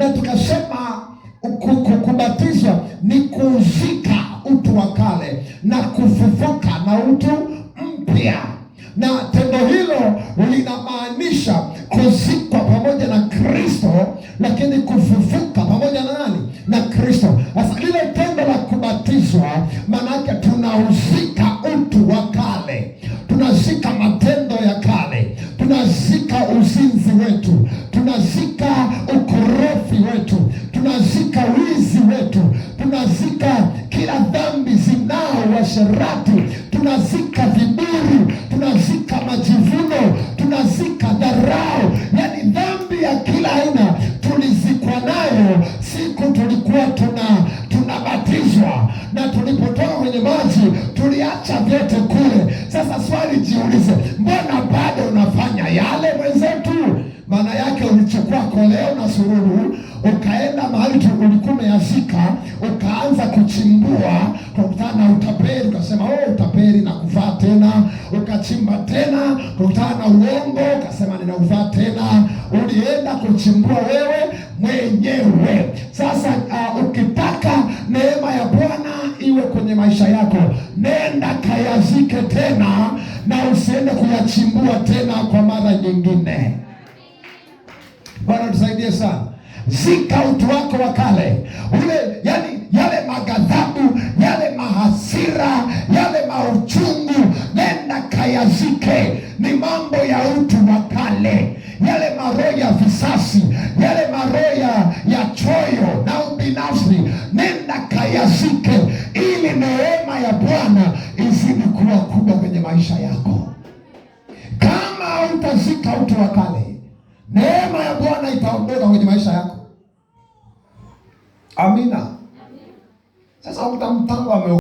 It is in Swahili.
na tukasema kubatizwa ni kuzika utu wa kale na kufufuka na utu mpya, na tendo hilo linamaanisha kuzikwa pamoja na Kristo, lakini kufufuka pamoja na nani? Na Kristo. Sasa lile tendo la kubatizwa, maanake tunauzika utu wa kale, tunazika uasherati, tunazika viburi, tunazika majivuno, tunazika dharau, yaani dhambi ya kila aina tulizikwa nayo siku tulikuwa tuna tunabatizwa, na tulipotoka kwenye maji tuliacha vyote kule. Sasa swali jiulize, mbona bado unafanya yale mwenzetu? Maana yake ulichukua koleo na sururu ukaenda mahali ulikuwa umeyazika ukasema oh, utapeli na kuvaa tena, ukachimba tena, kutana na uongo, ukasema ninauvaa tena, ulienda kuchimbua wewe mwenyewe. Sasa uh, ukitaka neema ya Bwana iwe kwenye maisha yako, nenda kayazike tena na usiende kuyachimbua tena kwa mara nyingine. Bwana tusaidie sana. Zika utu wako wa kale ule, yani yale magadhi hasira, yale mauchungu, nenda kayazike. Ni mambo ya utu wa kale, yale maroho ya visasi, yale maroho ya choyo na ubinafsi, nenda kayazike, ili neema ya Bwana izidi kuwa kubwa kwenye maisha yako. Kama utazika utu wa kale, neema ya Bwana itaondoka kwenye maisha yako. Amina. Sasa utamtangwa